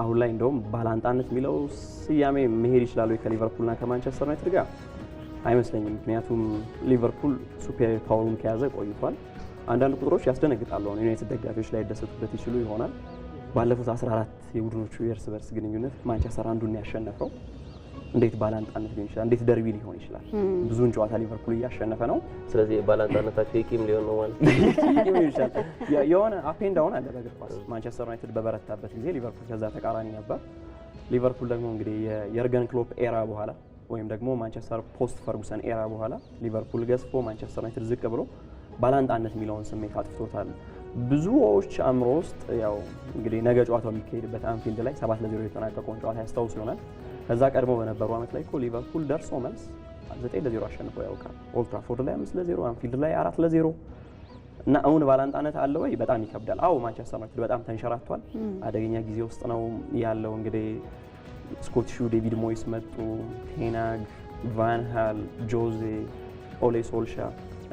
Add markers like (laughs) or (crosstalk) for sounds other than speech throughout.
አሁን ላይ እንደውም ባላንጣነት የሚለው ስያሜ መሄድ ይችላሉ ከሊቨርፑልና ከማንቸስተር ዩናይትድ ጋር አይመስለኝም። ምክንያቱም ሊቨርፑል ሱፔሪየር ፓወሩን ከያዘ ቆይቷል። አንዳንድ ቁጥሮች ያስደነግጣሉ። አሁን ዩናይትድ ደጋፊዎች ላይ ደሰቱበት ይችሉ ይሆናል። ባለፉት 14 የቡድኖቹ የእርስ በርስ ግንኙነት ማንቸስተር አንዱን ያሸነፈው እንዴት ባላንጣነት ሊሆን ይችላል፣ እንዴት ደርቢ ሊሆን ይችላል። ብዙውን ጨዋታ ሊቨርፑል እያሸነፈ ነው። ስለዚህ ባላንጣነታቸው የቂም ሊሆን ነው ማለት ነው። (laughs) የሆነ አፕ ዳውን አለ በእግር ኳስ። ማንቸስተር ዩናይትድ በበረታበት ጊዜ ሊቨርፑል ከዛ ተቃራኒ ነበር። ሊቨርፑል ደግሞ እንግዲህ የርገን ክሎፕ ኤራ በኋላ ወይም ደግሞ ማንቸስተር ፖስት ፈርጉሰን ኤራ በኋላ ሊቨርፑል ገዝፎ ማንቸስተር ዩናይትድ ዝቅ ብሎ ባላንጣነት የሚለውን ስሜት አጥፍቶታል። ብዙዎች አእምሮ ውስጥ ያው እንግዲህ ነገ ጨዋታው የሚካሄድበት አንፊልድ ላይ ሰባት ለዜሮ የተጠናቀቀውን ጨዋታ ያስታውስ ይሆናል። ከዛ ቀድሞ በነበሩ አመት ላይ እኮ ሊቨርፑል ደርሶ መልስ 9 ለ0 አሸንፎ ያውቃል። ኦልትራፎርድ ላይ 5 ለ0፣ አንፊልድ ላይ 4 ለ0 እና እውን ባላንጣነት አለ ወይ? በጣም ይከብዳል። አዎ ማንቸስተር ዩናይትድ በጣም ተንሸራቷል። አደገኛ ጊዜ ውስጥ ነው ያለው። እንግዲህ ስኮትሹ ዴቪድ ሞይስ መጡ፣ ቴናግ፣ ሃል፣ ጆዜ፣ ኦሌ ሶልሻ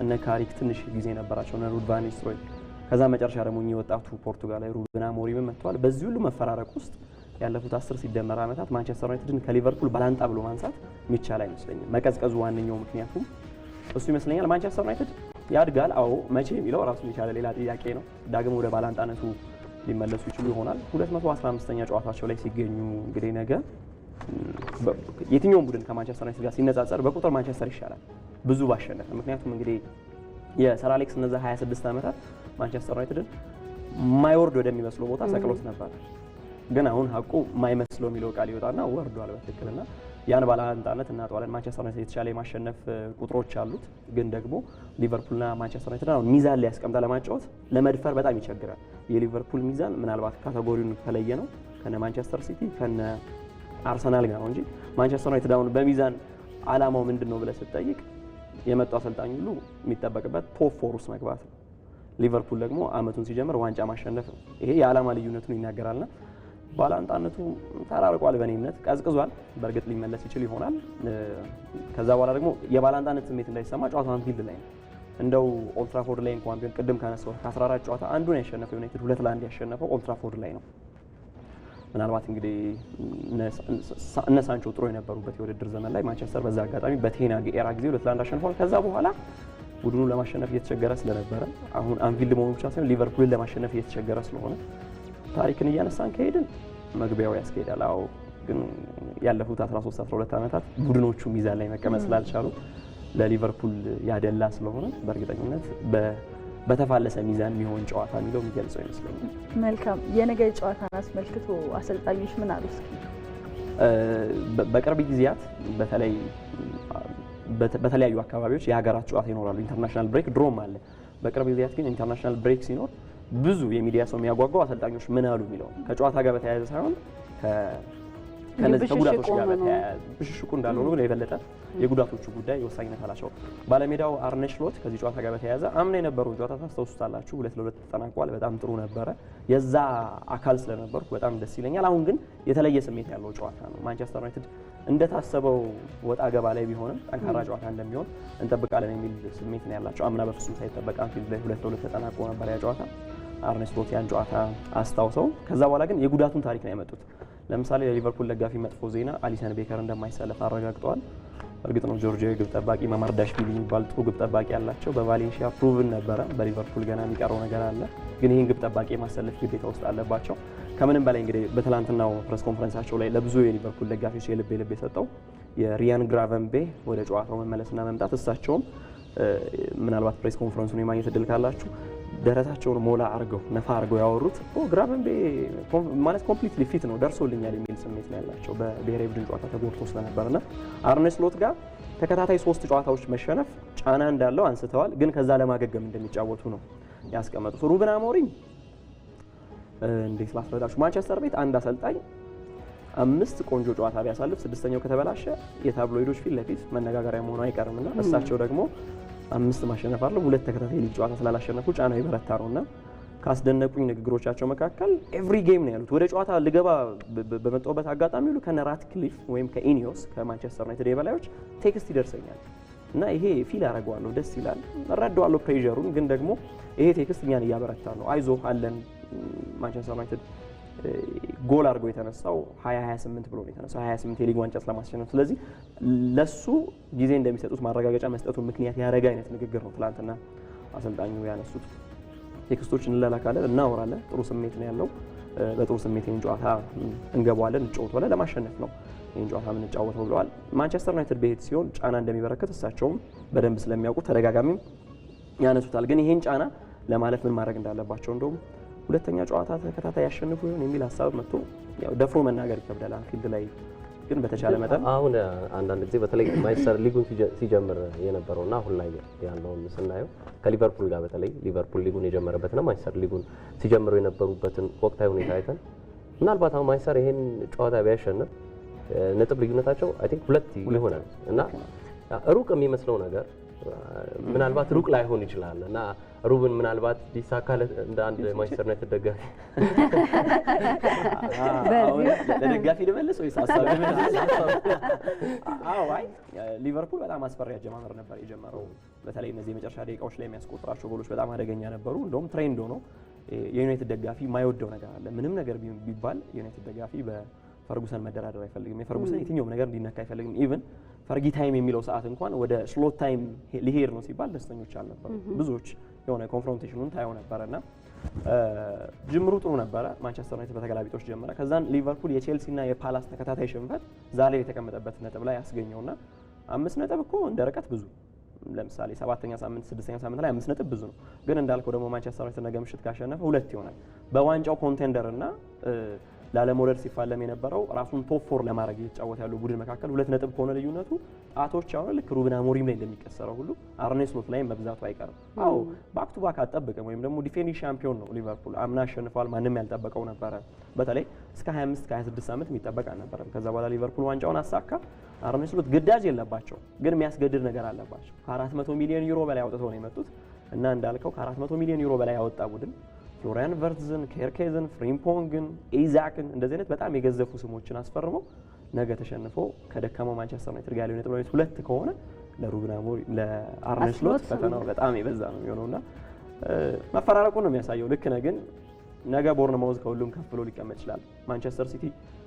እነ ካሪክ ትንሽ ጊዜ ነበራቸው፣ እነ ሩድ ቫን ኒስትሮይ። ከዛ መጨረሻ ደግሞ እኚህ ወጣቱ ፖርቱጋላዊ ሩበን አሞሪም መጥተዋል። በዚህ ሁሉ መፈራረቅ ውስጥ ያለፉት አስር ሲደመር ዓመታት ማንቸስተር ዩናይትድን ከሊቨርፑል ባላንጣ ብሎ ማንሳት የሚቻል አይመስለኝም። መቀዝቀዙ ዋነኛው ምክንያቱም እሱ ይመስለኛል። ማንቸስተር ዩናይትድ ያድጋል። አዎ መቼ የሚለው ራሱን የቻለ ሌላ ጥያቄ ነው። ዳግም ወደ ባላንጣነቱ ሊመለሱ ይችሉ ይሆናል። 215ኛ ጨዋታቸው ላይ ሲገኙ እንግዲህ ነገ የትኛውም ቡድን ከማንቸስተር ዩናይትድ ጋር ሲነጻጸር በቁጥር ማንቸስተር ይሻላል ብዙ ባሸነፈ። ምክንያቱም እንግዲህ የሰር አሌክስ እነዛ 26 ዓመታት ማንቸስተር ዩናይትድን ማይወርድ ወደሚመስለው ቦታ ሰቅሎት ነበራል። ግን አሁን ሀቁ ማይመስለው የሚለው ቃል ይወጣና ወርዷል በትክክልና ያን እና ጠዋለን ማንቸስተር ዩናይትድ የተሻለ የማሸነፍ ቁጥሮች አሉት፣ ግን ደግሞ ሊቨርፑልና ማንቸስተር ዩናይትድ አሁን ሚዛን ላይ ያስቀምጣ ለማጫወት ለመድፈር በጣም ይቸግራል። የሊቨርፑል ሚዛን ምናልባት ካተጎሪውን ከለየ ነው ከነ ማንቸስተር ሲቲ ከነ አርሰናል ጋር ነው እንጂ ማንቸስተር ዩናይትድ አሁን በሚዛን አላማው ምንድን ነው ብለህ ስትጠይቅ የመጡ አሰልጣኝ ሁሉ የሚጠበቅበት ቶፕ ፎር ውስጥ መግባት ነው። ሊቨርፑል ደግሞ አመቱን ሲጀምር ዋንጫ ማሸነፍ ነው። ይሄ የዓላማ ልዩነቱን ይናገራልና ባላንጣነቱ ተራርቋል። በእኔ እምነት ቀዝቅዟል። በእርግጥ ሊመለስ ይችል ይሆናል። ከዛ በኋላ ደግሞ የባላንጣነት ስሜት እንዳይሰማ ጨዋታው አንፊልድ ላይ ነው። እንደው ኦልትራፎርድ ላይ እንኳን ቢሆን ቅድም ካነሳው ከ14 ጨዋታ አንዱን ያሸነፈው ዩናይትድ ሁለት ለአንድ ያሸነፈው ኦልትራፎርድ ላይ ነው። ምናልባት እንግዲህ እነ ሳንቾ ጥሩ የነበሩበት የውድድር ዘመን ላይ ማንቸስተር በዛ አጋጣሚ በቴና ኤራ ጊዜ ሁለት ለአንድ አሸንፏል። ከዛ በኋላ ቡድኑ ለማሸነፍ እየተቸገረ ስለነበረ አሁን አንፊልድ መሆኑ ብቻ ሳይሆን ሊቨርፑልን ለማሸነፍ እየተቸገረ ስለሆነ ታሪክን እያነሳን ከሄድን መግቢያው ያስኬዳል። አዎ፣ ግን ያለፉት 13 12 ዓመታት ቡድኖቹ ሚዛን ላይ መቀመጥ ስላልቻሉ ለሊቨርፑል ያደላ ስለሆነ በእርግጠኝነት በተፋለሰ ሚዛን የሚሆን ጨዋታ የሚለው የሚገልጸው ይመስለኛል። መልካም። የነገ ጨዋታን አስመልክቶ አሰልጣኞች ምን አሉ? እስኪ በቅርብ ጊዜያት በተለይ በተለያዩ አካባቢዎች የሀገራት ጨዋታ ይኖራሉ። ኢንተርናሽናል ብሬክ ድሮም አለ። በቅርብ ጊዜያት ግን ኢንተርናሽናል ብሬክ ሲኖር ብዙ የሚዲያ ሰው የሚያጓጓው አሰልጣኞች ምን አሉ የሚለው ከጨዋታ ጋር በተያያዘ ሳይሆን ከነዚህ ከጉዳቶች ጋር በተያያዘ ብሽሽቁ እንዳለ ሆኖ የበለጠ የጉዳቶቹ ጉዳይ ወሳኝነት አላቸው። ባለሜዳው አርነ ስሎት ከዚህ ጨዋታ ጋር በተያያዘ አምና የነበረውን ጨዋታ ታስታውሱታላችሁ። ሁለት ለሁለት ተጠናቋል። በጣም ጥሩ ነበረ። የዛ አካል ስለነበርኩ በጣም ደስ ይለኛል። አሁን ግን የተለየ ስሜት ያለው ጨዋታ ነው። ማንቸስተር ዩናይትድ እንደታሰበው ወጣ ገባ ላይ ቢሆንም ጠንካራ ጨዋታ እንደሚሆን እንጠብቃለን የሚል ስሜት ነው ያላቸው። አምና በፍጹም ሳይጠበቅ አንፊልድ ላይ ሁለት ለሁለት ተጠናቆ ነበር ያ ጨዋታ። አርነ ስሎት ጨዋታ አስታውሰው ከዛ በኋላ ግን የጉዳቱን ታሪክ ነው ያመጡት። ለምሳሌ ለሊቨርፑል ደጋፊ መጥፎ ዜና አሊሰን ቤከር እንደማይሰለፍ አረጋግጠዋል። እርግጥ ነው ጆርጂያዊ ግብ ጠባቂ ማማርዳሽቪሊ የሚባል ጥሩ ግብ ጠባቂ ያላቸው በቫሌንሺያ ፕሩቭን ነበረ። በሊቨርፑል ገና የሚቀረው ነገር አለ፣ ግን ይህን ግብ ጠባቂ የማሰለፍ ግዴታ ውስጥ አለባቸው። ከምንም በላይ እንግዲህ በትላንትናው ፕሬስ ኮንፈረንሳቸው ላይ ለብዙ የሊቨርፑል ደጋፊዎች የልብ የልብ የሰጠው የሪያን ግራቨንቤ ወደ ጨዋታው መመለስና መምጣት እሳቸውም ምናልባት ፕሬስ ኮንፈረንሱን የማግኘት እድል ካላችሁ ደረታቸውን ሞላ አርገው ነፋ አርገው ያወሩት ግራበንቤ ማለት ኮምፕሊትሊ ፊት ነው ደርሶልኛል የሚል ስሜት ነው ያላቸው። በብሔራዊ ቡድን ጨዋታ ተጎድቶ ስለነበር ና አርነ ስሎት ጋር ተከታታይ ሶስት ጨዋታዎች መሸነፍ ጫና እንዳለው አንስተዋል። ግን ከዛ ለማገገም እንደሚጫወቱ ነው ያስቀመጡት። ሩብን አሞሪም እንዴት ላስረዳችሁ፣ ማንቸስተር ቤት አንድ አሰልጣኝ አምስት ቆንጆ ጨዋታ ቢያሳልፍ ስድስተኛው ከተበላሸ የታብሎይዶች ፊት ለፊት መነጋገሪያ መሆኑ አይቀርምና እሳቸው ደግሞ አምስት ማሸነፍ አለው ሁለት ተከታታይ ሊግ ጨዋታ ስላላሸነፉ ጫና ይበረታ ነው እና ካስደነቁኝ ንግግሮቻቸው መካከል ኤቭሪ ጌም ነው ያሉት። ወደ ጨዋታ ልገባ በመጣሁበት አጋጣሚ ሁሉ ከነ ራትክሊፍ ወይም ከኢኒዮስ ከማንቸስተር ዩናይትድ የበላዮች ቴክስት ይደርሰኛል እና ይሄ ፊል አደርገዋለሁ፣ ደስ ይላል፣ እረዳዋለሁ ፕሬዠሩን። ግን ደግሞ ይሄ ቴክስት እኛን እያበረታ ነው። አይዞ አለን ማንቸስተር ዩናይትድ ጎል አድርጎ የተነሳው 2028 ብሎ ነው የተነሳው 28 የሊግ ዋንጫ ስለማስሸነፍ። ስለዚህ ለሱ ጊዜ እንደሚሰጡት ማረጋገጫ መስጠቱ ምክንያት ያደረገ አይነት ንግግር ነው ትላንትና አሰልጣኙ ያነሱት። ቴክስቶች እንላላካለን፣ እናወራለን። ጥሩ ስሜት ነው ያለው። በጥሩ ስሜት ይህን ጨዋታ እንገባዋለን፣ እንጫወተዋለን። ለማሸነፍ ነው ይህን ጨዋታ የምንጫወተው ብለዋል። ማንቸስተር ዩናይትድ ቤት ሲሆን ጫና እንደሚበረከት እሳቸውም በደንብ ስለሚያውቁ ተደጋጋሚም ያነሱታል። ግን ይህን ጫና ለማለፍ ምን ማድረግ እንዳለባቸው እንደውም ሁለተኛ ጨዋታ ተከታታይ ያሸንፉ ይሆን የሚል ሀሳብ መጥቶ ደፍሮ መናገር ይከብዳል። አንፊልድ ላይ ግን በተቻለ መጠን አሁን አንዳንድ ጊዜ በተለይ ማንቸስተር ሊጉን ሲጀምር የነበረው እና አሁን ላይ ያለውን ስናየው ከሊቨርፑል ጋር በተለይ ሊቨርፑል ሊጉን የጀመረበት የጀመረበትና ማንቸስተር ሊጉን ሲጀምሩ የነበሩበትን ወቅታዊ ሁኔታ አይተን ምናልባት አሁን ማንቸስተር ይሄን ጨዋታ ቢያሸንፍ ነጥብ ልዩነታቸው አይ ቲንክ ሁለት ይሆናል እና ሩቅ የሚመስለው ነገር ምናልባት ሩቅ ላይሆን ይችላል እና ሩብን ምናልባት ሊሳካ እንደ አንድ ማንቸስተር ዩናይትድ ደጋፊ (laughs) ለደጋፊ ልመልስ ወይስ ሀሳብ (laughs) አይ ሊቨርፑል በጣም አስፈሪ አጀማመር ነበር የጀመረው። በተለይ እነዚህ የመጨረሻ ደቂቃዎች ላይ የሚያስቆጥራቸው ጎሎች በጣም አደገኛ ነበሩ። እንደውም ትሬንድ ሆኖ የዩናይትድ ደጋፊ የማይወደው ነገር አለ። ምንም ነገር ቢባል የዩናይትድ ደጋፊ በፈርጉሰን መደራደር አይፈልግም። የፈርጉሰን የትኛውም ነገር እንዲነካ አይፈልግም። ኢቭን ፈርጊ ታይም የሚለው ሰዓት እንኳን ወደ ስሎት ታይም ሊሄድ ነው ሲባል ደስተኞች አልነበሩ ብዙዎች። የሆነ ኮንፍሮንቴሽኑን ታየው ነበረ እና ጅምሩ ጥሩ ነበረ። ማንቸስተር ዩናይትድ በተገላቢጦች ጀመረ። ከዛን ሊቨርፑል የቼልሲና የፓላስ ተከታታይ ሽንፈት ዛሬ የተቀመጠበት ነጥብ ላይ ያስገኘውና አምስት ነጥብ እኮ እንደ ርቀት ብዙ ለምሳሌ ሰባተኛ ሳምንት ስድስተኛ ሳምንት ላይ አምስት ነጥብ ብዙ ነው፣ ግን እንዳልከው ደግሞ ማንቸስተር ዩናይትድ ነገ ምሽት ካሸነፈ ሁለት ይሆናል በዋንጫው ኮንቴንደር እና ላለመውረድ ሲፋለም የነበረው ራሱን ቶፕ ፎር ለማድረግ እየተጫወተ ያለው ቡድን መካከል ሁለት ነጥብ ከሆነ ልዩነቱ ጣቶች አሁን ልክ ሩበን አሞሪም ላይ እንደሚቀሰረው ሁሉ አርኔ ስሎት ላይ መብዛቱ አይቀርም። አዎ ባክ ቱ ባክ አልጠበቅም ወይም ደግሞ ዲፌንዲንግ ሻምፒዮን ነው ሊቨርፑል አምና አሸንፏል። ማንም ያልጠበቀው ነበረ። በተለይ እስከ 25 26 ዓመት የሚጠበቅ አልነበረም። ከዛ በኋላ ሊቨርፑል ዋንጫውን አሳካ። አርኔ ስሎት ግዳጅ የለባቸው፣ ግን የሚያስገድድ ነገር አለባቸው። ከ400 ሚሊዮን ዩሮ በላይ አውጥተው ነው የመጡት እና እንዳልከው ከ400 ሚሊዮን ዩሮ በላይ ያወጣ ቡድን ፍሎሪያን ቨርትዝን፣ ኬርኬዝን፣ ፍሪምፖንግን፣ ኤዛክን እንደዚህ አይነት በጣም የገዘፉ ስሞችን አስፈርመው ነገ ተሸንፎ ከደካማው ማንቸስተር ዩናይትድ ጋር ሊሆን የጥሎት ሁለት ከሆነ ለሩበን አሞሪም ለአርነ ስሎት ፈተናው በጣም የበዛ ነው የሚሆነውና መፈራረቁ ነው የሚያሳየው። ልክ ነህ ግን ነገ ቦርንማውዝ ከሁሉም ከፍ ብሎ ሊቀመጥ ይችላል። ማንቸስተር ሲቲ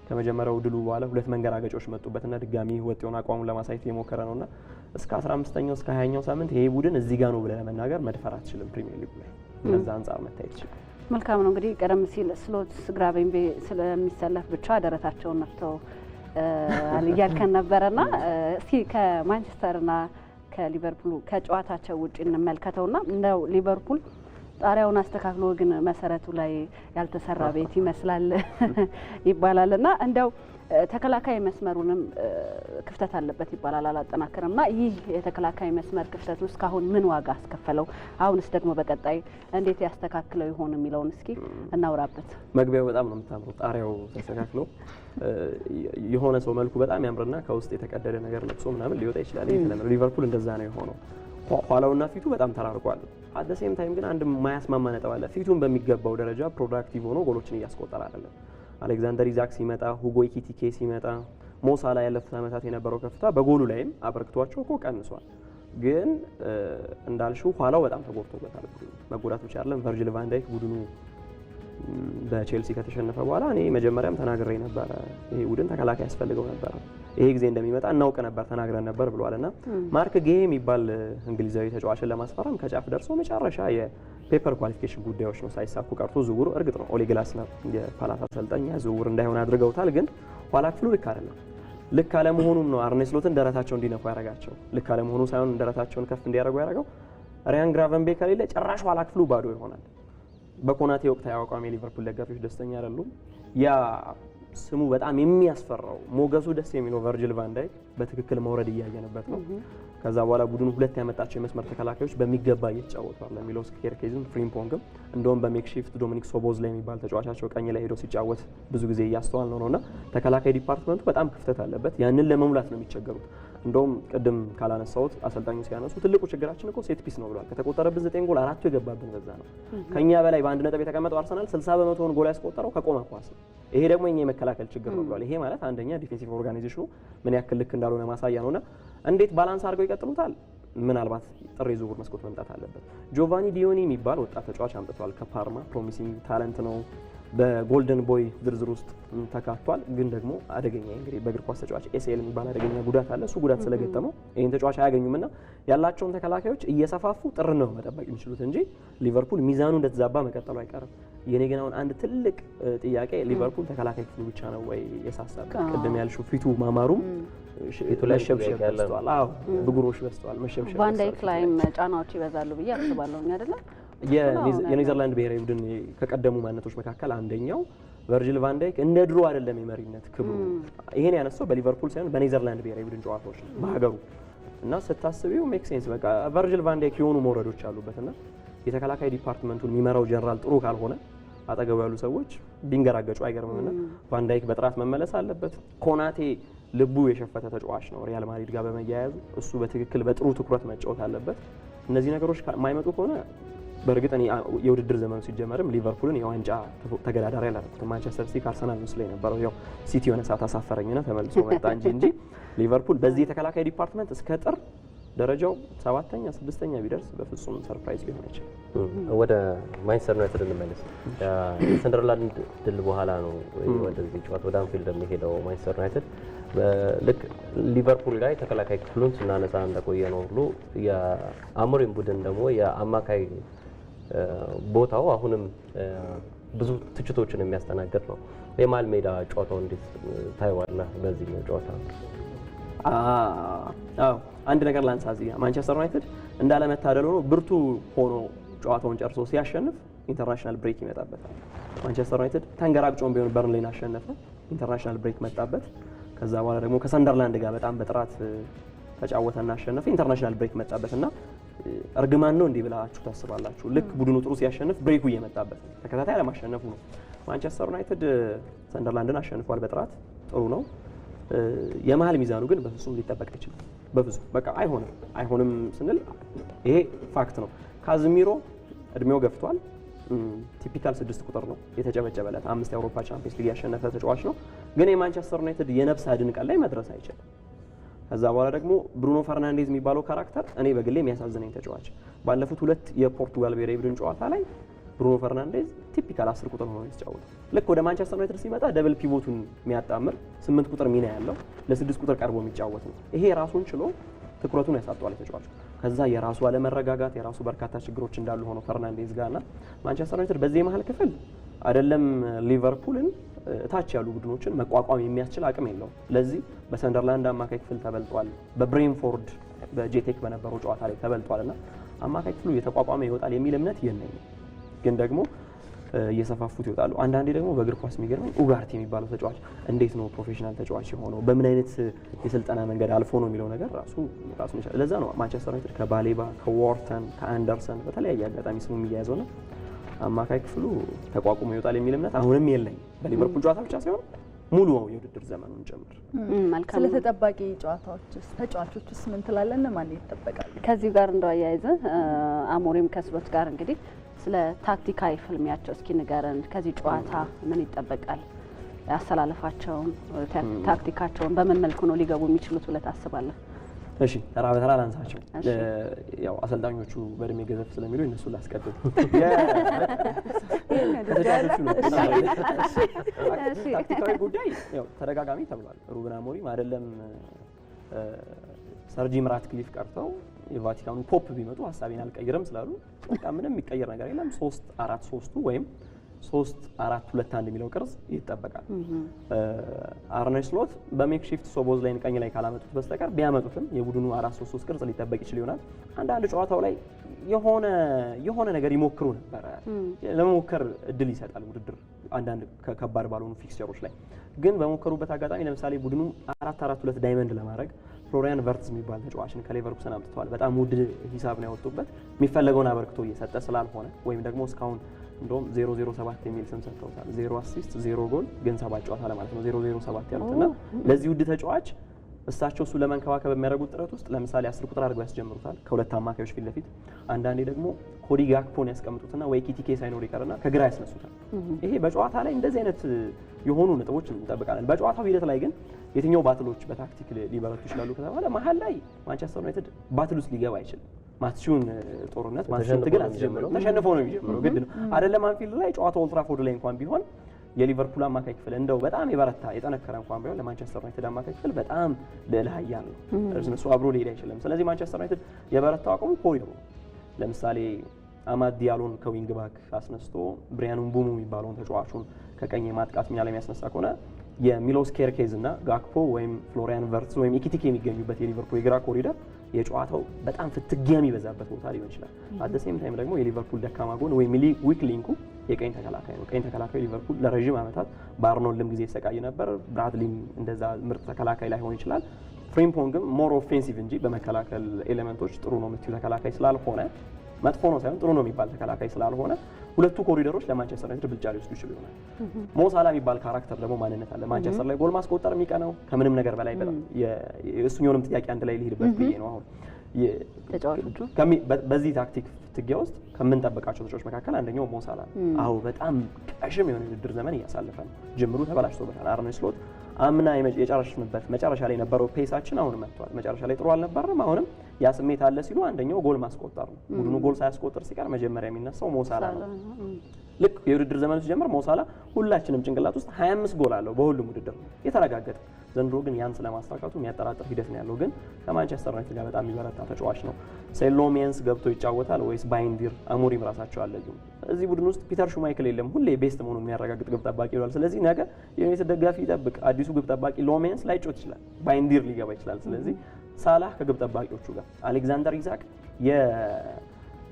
ከመጀመሪያው ድሉ በኋላ ሁለት መንገራገጮች መጡበትና ድጋሚ ወጥ የሆነ አቋሙን ለማሳየት የሞከረ ነውና እስከ 15ኛው እስከ 20ኛው ሳምንት ይሄ ቡድን እዚህ ጋር ነው ብለህ ለመናገር መድፈር አትችልም ፕሪሚየር ሊጉ ላይ ከዛ አንጻር መታየት ይችላል። መልካም ነው እንግዲህ ቀደም ሲል ስሎትስ ግራ ስለሚሰለፍ ብቻ ደረታቸውን ነፍተው እያልከን ነበረና እስኪ ከማንቸስተርና ከሊቨርፑል ከጨዋታቸው ውጭ እንመልከተውና እንደው ሊቨርፑል ጣሪያውን አስተካክሎ ግን መሰረቱ ላይ ያልተሰራ ቤት ይመስላል (laughs) ይባላልና እንደው ተከላካይ መስመሩንም ክፍተት አለበት ይባላል፣ አላጠናከረም እና ይህ የተከላካይ መስመር ክፍተት ውስጥ ካሁን ምን ዋጋ አስከፈለው? አሁንስ ደግሞ በቀጣይ እንዴት ያስተካክለው ይሆን የሚለውን እስኪ እናውራበት። መግቢያው በጣም ነው የምታምረው፣ ጣሪያው ተስተካክሎ የሆነ ሰው መልኩ በጣም ያምርና ከውስጥ የተቀደደ ነገር ለብሶ ምናምን ሊወጣ ይችላል። ሊቨርፑል እንደዛ ነው የሆነው። ኋላውና ፊቱ በጣም ተራርቋል። አደሴም ታይም ግን አንድ ማያስማማ ነጥብ አለ። ፊቱን በሚገባው ደረጃ ፕሮዳክቲቭ ሆኖ ጎሎችን እያስቆጠረ አይደለም። አሌክዛንደር ኢዛክ ሲመጣ፣ ሁጎ ኢኪቲኬ ሲመጣ፣ ሞሳላ ያለፉት ዓመታት የነበረው ከፍታ በጎሉ ላይም አበርክቷቸው እኮ ቀንሷል። ግን እንዳልሽው ኋላው በጣም ተጎድቶበታል። መጎዳት ብቻ አይደለም ቨርጅል ቫንዳይክ ቡድኑ በቼልሲ ከተሸነፈ በኋላ እኔ መጀመሪያም ተናግሬ ነበረ ይሄ ቡድን ተከላካይ ያስፈልገው ነበረ ይሄ ጊዜ እንደሚመጣ እናውቅ ነበር ተናግረን ነበር ብሏል። እና ማርክ ጌ የሚባል እንግሊዛዊ ተጫዋችን ለማስፈረም ከጫፍ ደርሶ መጨረሻ የፔፐር ኳሊፊኬሽን ጉዳዮች ነው ሳይሳኩ ቀርቶ ዝውውሩ እርግጥ ነው ኦሌ ግላስነር የፓላስ አሰልጣኝ ዝውውር እንዳይሆን አድርገውታል። ግን ኋላ ክፍሉ ልክ አይደለም። ልክ አለመሆኑን ነው አርኔ ስሎትን ደረታቸው እንዲነኩ ያደረጋቸው። ልክ አለመሆኑ ሳይሆን ደረታቸውን ከፍ እንዲያደርጉ ያደረገው ሪያን ግራቨንቤ ከሌለ ጭራሽ ኋላ ክፍሉ ባዶ ይሆናል። በኮናቴ ወቅታዊ አቋም የሊቨርፑል ደጋፊዎች ደስተኛ አይደሉም። ያ ስሙ በጣም የሚያስፈራው ሞገሱ ደስ የሚለው ቨርጅል ቫን ዳይክ በትክክል መውረድ እያየንበት ነው። ከዛ በኋላ ቡድኑ ሁለት ያመጣቸው የመስመር ተከላካዮች በሚገባ የሚለው ስኬር ኬዝን ፍሪምፖንግም እንደውም በሜክሺፍት ዶሚኒክ ሶቦዝ ላይ የሚባል ተጫዋቻቸው ቀኝ ላይ ሄዶ ሲጫወት ብዙ ጊዜ እያስተዋል ነው ነውና ተከላካይ ዲፓርትመንቱ በጣም ክፍተት አለበት። ያንን ለመሙላት ነው የሚቸገሩት። እንደውም ቅድም ካላነሳሁት አሰልጣኙ ሲያነሱ ትልቁ ችግራችን እኮ ሴት ፒስ ነው ብሏል። ከተቆጠረብን ዘጠኝ ጎል አራቱ የገባብን በዛ ነው። ከኛ በላይ በአንድ ነጥብ የተቀመጠው አርሰናል 60 በመቶውን ጎል ያስቆጠረው ከቆመ ኳስ ነው። ይሄ ደግሞ የኛ የመከላከል ችግር ነው ብሏል። ይሄ ማለት አንደኛ ዲፌንሲቭ ኦርጋናይዜሽኑ ምን ያክል ልክ እንዳልሆነ ማሳያ ነውና እንዴት ባላንስ አድርገው ይቀጥሉታል? ምናልባት ጥር የዝውውር መስኮት መምጣት አለበት። ጆቫኒ ዲዮኒ የሚባል ወጣት ተጫዋች አምጥቷል ከፓርማ ፕሮሚሲንግ ታለንት ነው። በጎልደን ቦይ ዝርዝር ውስጥ ተካቷል። ግን ደግሞ አደገኛ እንግዲህ በእግር ኳስ ተጫዋች ኤስኤል የሚባል አደገኛ ጉዳት አለ። እሱ ጉዳት ስለገጠመው ይህን ተጫዋች አያገኙም እና ያላቸውን ተከላካዮች እየሰፋፉ ጥር ነው መጠበቅ የሚችሉት እንጂ ሊቨርፑል ሚዛኑ እንደተዛባ መቀጠሉ አይቀርም። የኔ ግን አሁን አንድ ትልቅ ጥያቄ ሊቨርፑል ተከላካይ ክፍሉ ብቻ ነው ወይ የሳሳብ? ቅድም ያልሽው ፊቱ ማማሩም ፊቱ ላይ መሸብሸብ በዝቷል። አዎ ብጉሮሽ በዝቷል፣ መሸብሸብ ቫን ዳይክ ላይም ጫናዎች ይበዛሉ ብዬ አስባለሁ። አይደለ የኔዘርላንድ ብሔራዊ ቡድን ከቀደሙ ማነቶች መካከል አንደኛው ቨርጂል ቫን ዳይክ እንደ ድሮ አይደለም የመሪነት ክብሩ። ይሄን ያነሳው በሊቨርፑል ሳይሆን በኔዘርላንድ ብሔራዊ ቡድን ጨዋታዎች ነው በሀገሩ እና ስታስቢው ሜክ ሴንስ በቃ ቨርጂል ቫን ዳይክ የሆኑ መውረዶች አሉበትና የተከላካይ ዲፓርትመንቱን የሚመራው ጀነራል ጥሩ ካልሆነ አጠገቡ ያሉ ሰዎች ቢንገራገጩ አይገርምምና ቫንዳይክ በጥራት መመለስ አለበት። ኮናቴ ልቡ የሸፈተ ተጫዋች ነው። ሪያል ማድሪድ ጋር በመያያዙ እሱ በትክክል በጥሩ ትኩረት መጫወት አለበት። እነዚህ ነገሮች የማይመጡ ከሆነ በእርግጥ እኔ የውድድር ዘመኑ ሲጀመርም ሊቨርፑልን የዋንጫ ተገዳዳሪ ያላደረኩት ማንቸስተር ሲቲ ከአርሰናል ምስል ነበረው። ያው ሲቲ የሆነ ሰዓት አሳፈረኝና ተመልሶ መጣ እንጂ እንጂ ሊቨርፑል በዚህ የተከላካይ ዲፓርትመንት እስከ ጥር ደረጃው ሰባተኛ ስድስተኛ ቢደርስ በፍጹም ሰርፕራይዝ ሊሆን አይችልም። ወደ ማንቸስተር ዩናይትድ እንመለስ። ሰንደርላንድ ድል በኋላ ነው ወደዚህ ጨዋታ ወደ አንፊልድ የሚሄደው ማንቸስተር ዩናይትድ። ልክ ሊቨርፑል ላይ ተከላካይ ክፍሉን ስናነሳ እንደቆየ ነው ሁሉ የአሞሪም ቡድን ደግሞ የአማካይ ቦታው አሁንም ብዙ ትችቶችን የሚያስተናግድ ነው። የመሀል ሜዳ ጨዋታው እንዴት ታይዋለህ? በዚህ ጨዋታ አዎ አንድ ነገር ላንሳ እዚህ ማንቸስተር ዩናይትድ እንዳለመታደል ሆኖ ብርቱ ሆኖ ጨዋታውን ጨርሶ ሲያሸንፍ ኢንተርናሽናል ብሬክ ይመጣበታል። ማንቸስተር ዩናይትድ ተንገራግጮም ቢሆን በርንሌን አሸነፈ። ኢንተርናሽናል ብሬክ መጣበት። ከዛ በኋላ ደግሞ ከሰንደርላንድ ጋር በጣም በጥራት ተጫወተና አሸነፈ። ኢንተርናሽናል ብሬክ መጣበት እና እርግማን ነው እንዲህ ብላችሁ ታስባላችሁ? ልክ ቡድኑ ጥሩ ሲያሸንፍ ብሬኩ እየመጣበት ተከታታይ አለማሸነፉ ነው። ማንቸስተር ዩናይትድ ሰንደርላንድን አሸንፏል። በጥራት ጥሩ ነው። የመሀል ሚዛኑ ግን በፍጹም ሊጠበቅ አይችልም። በፍጹም በቃ አይሆንም። አይሆንም ስንል ይሄ ፋክት ነው። ካዝሚሮ እድሜው ገፍቷል። ቲፒካል ስድስት ቁጥር ነው የተጨበጨበለት። አምስት የአውሮፓ ቻምፒየንስ ሊግ ያሸነፈ ተጫዋች ነው። ግን የማንቸስተር ዩናይትድ የነፍስ አድን ቀን ላይ መድረስ አይችልም። ከዛ በኋላ ደግሞ ብሩኖ ፈርናንዴዝ የሚባለው ካራክተር እኔ በግሌ የሚያሳዝነኝ ተጫዋች ባለፉት ሁለት የፖርቱጋል ብሔራዊ ቡድን ጨዋታ ላይ ብሩኖ ፈርናንዴዝ ቲፒካል አስር ቁጥር ሆኖ የተጫወተ ልክ ወደ ማንቸስተር ዩናይትድ ሲመጣ ደብል ፒቮቱን የሚያጣምር ስምንት ቁጥር ሚና ያለው ለስድስት ቁጥር ቀርቦ የሚጫወት ነው። ይሄ ራሱን ችሎ ትኩረቱን ያሳጠዋል ተጫዋቹ። ከዛ የራሱ አለመረጋጋት የራሱ በርካታ ችግሮች እንዳሉ ሆኖ ፈርናንዴዝ ጋርና ማንቸስተር ዩናይትድ በዚህ የመሀል ክፍል አይደለም ሊቨርፑልን ታች ያሉ ቡድኖችን መቋቋም የሚያስችል አቅም የለውም። ለዚህ በሰንደርላንድ አማካይ ክፍል ተበልጧል። በብሬንፎርድ በጄቴክ በነበረው ጨዋታ ላይ ተበልጧል እና አማካይ ክፍሉ እየተቋቋመ ይወጣል የሚል እምነት የለኝም። ግን ደግሞ እየሰፋፉት ይወጣሉ። አንዳንዴ ደግሞ በእግር ኳስ የሚገርመኝ ኡጋርት የሚባለው ተጫዋች እንዴት ነው ፕሮፌሽናል ተጫዋች የሆነው በምን አይነት የስልጠና መንገድ አልፎ ነው የሚለው ነገር ራሱ ራሱ ይችላል። ለዛ ነው ማንቸስተር ዩናይትድ ከባሌባ ከዋርተን ከአንደርሰን በተለያየ አጋጣሚ ስሙ የሚያያዘው ነው አማካይ ክፍሉ ተቋቁሞ ይወጣል የሚል እምነት አሁንም የለኝ በሊቨርፑል ጨዋታ ብቻ ሳይሆን ሙሉ የውድድር ዘመኑን ጭምር። ስለ ተጠባቂ ጨዋታዎች ተጫዋቾች ምን ትላለህ? ይጠበቃል? ከዚህ ጋር እንደው አያይዘ አሞሪም ከስሎት ጋር እንግዲህ ስለ ታክቲካዊ ፍልሚያቸው እስኪ ንገረን። ከዚህ ጨዋታ ምን ይጠበቃል? አሰላለፋቸውን፣ ታክቲካቸውን በምን መልኩ ነው ሊገቡ የሚችሉት ብለህ ታስባለህ? እሺ ተራ በተራ ላንሳቸው። ያው አሰልጣኞቹ በእድሜ ገዘፍ ስለሚሉ እነሱ ላስቀድም። ታክቲካዊ ጉዳይ ያው ተደጋጋሚ ተብሏል። ሩበን አሞሪም አይደለም ሰር ጂም ራትክሊፍ ቀርተው የቫቲካኑ ፖፕ ቢመጡ ሀሳቤን አልቀይርም ስላሉ በቃ ምንም የሚቀየር ነገር የለም። ሶስት አራት ሶስቱ ወይም ሶስት አራት ሁለት አንድ የሚለው ቅርጽ ይጠበቃል። አርነ ስሎት በሜክሺፍት ሶቦዝ ላይ ቀኝ ላይ ካላመጡት በስተቀር ቢያመጡትም የቡድኑ አራት ሶስት ሶስት ቅርጽ ሊጠበቅ ይችል ይሆናል። አንዳንድ ጨዋታው ላይ የሆነ የሆነ ነገር ይሞክሩ ነበረ። ለመሞከር እድል ይሰጣል ውድድር አንዳንድ ከባድ ባልሆኑ ፊክስቸሮች ላይ ግን በሞከሩበት አጋጣሚ ለምሳሌ ቡድኑ አራት አራት ሁለት ዳይመንድ ለማድረግ ፍሎሪያን ቨርትስ የሚባል ተጫዋችን ከሌቨርኩሰን አምጥተዋል። በጣም ውድ ሂሳብ ነው ያወጡበት። የሚፈለገውን አበርክቶ እየሰጠ ስላልሆነ ወይም ደግሞ እስካሁን እንደውም 007 የሚል ስም ሰጥተውታል። 0 አሲስት 0 ጎል ግን ሰባት ጨዋታ ለማለት ነው 007 ያሉት እና ለዚህ ውድ ተጫዋች እሳቸው እሱ ለመንከባከብ የሚያደርጉት ጥረት ውስጥ ለምሳሌ አስር ቁጥር አድርገው ያስጀምሩታል ከሁለት አማካዮች ፊት ለፊት አንዳንዴ ደግሞ ኮዲ ጋክፖን ያስቀምጡትና ወይ ኪቲኬ ሳይኖር ይቀርና ከግራ ያስነሱታል። ይሄ በጨዋታ ላይ እንደዚህ አይነት የሆኑ ነጥቦች እንጠብቃለን። በጨዋታው ሂደት ላይ ግን የትኛው ባትሎች በታክቲክ ሊበረቱ ይችላሉ ከተባለ መሀል ላይ ማንቸስተር ዩናይትድ ባትል ውስጥ ሊገባ አይችልም። ማትሹን ጦርነት ማትሹን ትግል አስጀምረው ተሸንፈው ነው የሚጀምረው። ግድ ነው አይደለም። አንፊልድ ላይ ጨዋታ ኦልትራፎርድ ላይ እንኳን ቢሆን የሊቨርፑል አማካይ ክፍል እንደው በጣም የበረታ የጠነከረ እንኳን ቢሆን ለማንቸስተር ዩናይትድ አማካይ ክፍል በጣም ልዕለ ኃያል ነው። እሱ አብሮ ሊሄድ አይችልም። ስለዚህ ማንቸስተር ዩናይትድ የበረታው አቅሙ ነው። ለምሳሌ አማድ ዲያሎን ከዊንግ ባክ አስነስቶ ብሪያኑን ቡሙ የሚባለውን ተጫዋቹን ከቀኝ የማጥቃት ሚና ላይ የሚያስነሳ ከሆነ የሚሎስ ኬርኬዝ እና ጋክፖ ወይም ፍሎሪያን ቨርትስ ወይም ኢኪቲክ የሚገኙበት የሊቨርፑል የግራ ኮሪደር የጨዋታው በጣም ፍትጊያ የሚበዛበት ቦታ ሊሆን ይችላል። አደሴም ታይም ደግሞ የሊቨርፑል ደካማ ጎን ወይም ዊክ ሊንኩ የቀኝ ተከላካይ ነው። ቀኝ ተከላካይ ሊቨርፑል ለረዥም ዓመታት በአርኖልድም ጊዜ ይሰቃይ ነበር። ብራድሊም እንደዛ ምርጥ ተከላካይ ላይሆን ይችላል። ፍሪምፖንግም ሞር ኦፌንሲቭ እንጂ በመከላከል ኤሌመንቶች ጥሩ ነው የምትዩ ተከላካይ ስላልሆነ መጥፎ ነው ሳይሆን ጥሩ ነው የሚባል ተከላካይ ስላልሆነ ሁለቱ ኮሪደሮች ለማንቸስተር ዩናይትድ ብልጫ ሊወስዱ ይችሉ ይሆናል። ሞሳላ የሚባል ካራክተር ደግሞ ማንነት አለ። ማንቸስተር ላይ ጎል ማስቆጠር የሚቀናው ከምንም ነገር በላይ በጣም የእሱኛውንም ጥያቄ አንድ ላይ ሊሄድበት ብዬ ነው። አሁን በዚህ ታክቲክ ትጊያ ውስጥ ከምንጠብቃቸው ተጫዋቾች መካከል አንደኛው ሞሳላ ነው። በጣም ቀሽም የሆነ ውድድር ዘመን እያሳለፈ ነው። ጅምሩ ተበላሽቶበታል። አርነ ስሎት አምና የጨረስንበት መጨረሻ ላይ የነበረው ፔሳችን አሁን መጥቷል። መጨረሻ ላይ ጥሩ አልነበረም። አሁንም ያ ስሜት አለ ሲሉ አንደኛው ጎል ማስቆጠር ነው። ቡድኑ ጎል ሳያስቆጥር ሲቀር መጀመሪያ የሚነሳው ሞሳላ ነው። ልክ የውድድር ዘመኑ ሲጀምር ሞሳላ ሁላችንም ጭንቅላት ውስጥ 25 ጎል አለው በሁሉም ውድድር የተረጋገጠ። ዘንድሮ ግን ያን ስለማሳካቱ የሚያጠራጥር ሂደት ነው ያለው። ግን ከማንቸስተር ዩናይትድ ጋር በጣም የሚበረታ ተጫዋች ነው። ሴሎሜንስ ገብቶ ይጫወታል ወይስ ባይንዲር? አሙሪም ራሳቸው አለዩም። እዚህ ቡድን ውስጥ ፒተር ሹማይክል የለም፣ ሁሌ ቤስት መሆኑ የሚያረጋግጥ ግብ ጠባቂ ይሏል። ስለዚህ ነገ የዩናይትድ ደጋፊ ይጠብቅ። አዲሱ ግብ ጠባቂ ሎሜንስ ላይጮት ይችላል፣ ባይንዲር ሊገባ ይችላል። ስለዚህ ሳላህ ከግብ ጠባቂዎቹ ጋር አሌክዛንደር ኢዛክ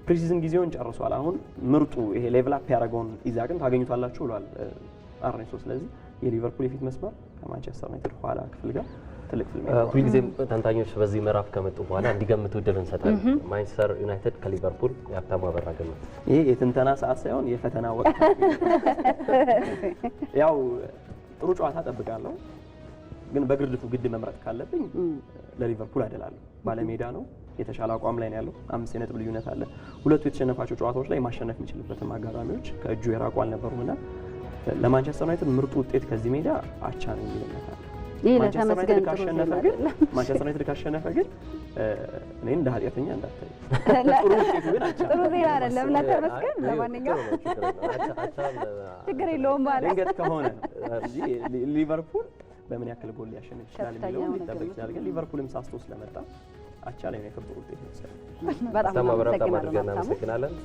ፕሪሲዝን ጊዜውን ጨርሷል። አሁን ምርጡ ይሄ ሌቭል አፕ ያደረገውን ኢዛቅን ታገኙታላችሁ ብሏል አርኔሶ። ስለዚህ የሊቨርፑል የፊት መስመር ከማንቸስተር ዩናይትድ ኋላ ክፍል ጋር ትልቅ ሁልጊዜም ተንታኞች በዚህ ምዕራፍ ከመጡ በኋላ እንዲገምቱ እድል እንሰጣለን። ማንቸስተር ዩናይትድ ከሊቨርፑል የሀብታሙ አበራ ገምት። ይሄ የትንተና ሰዓት ሳይሆን የፈተና ወቅት። (laughs) ያው ጥሩ ጨዋታ ጠብቃለሁ፣ ግን በግርድፉ ግድ መምረጥ ካለብኝ ለሊቨርፑል አይደላለሁ ባለሜዳ ነው የተሻለ አቋም ላይ ነው ያለው። አምስት የነጥብ ልዩነት አለ። ሁለቱ የተሸነፋቸው ጨዋታዎች ላይ ማሸነፍ የሚችልበትም አጋጣሚዎች ከእጁ የራቁ አልነበሩም እና ለማንቸስተር ዩናይትድ ምርጡ ውጤት ከዚህ ሜዳ አቻ ነው የሚልነት አለ። ማንቸስተር ዩናይትድ ካሸነፈ ግን እኔ እንደ ኃጢአተኛ እንዳታይ ጥሩ ዜና አይደለም። ለተመስገን ለማንኛውም ችግር የለውም ማለት ድንገት ከሆነ ሊቨርፑል በምን ያክል ጎል ሊያሸንፍ ይችላል የሚለው ሊጠበቅ ይችላል። ግን ሊቨርፑልም ሳስቶ ስለመጣ አቻ ላይ ነው የከበሩ ውጤት ነው። በጣም አመሰግናለን።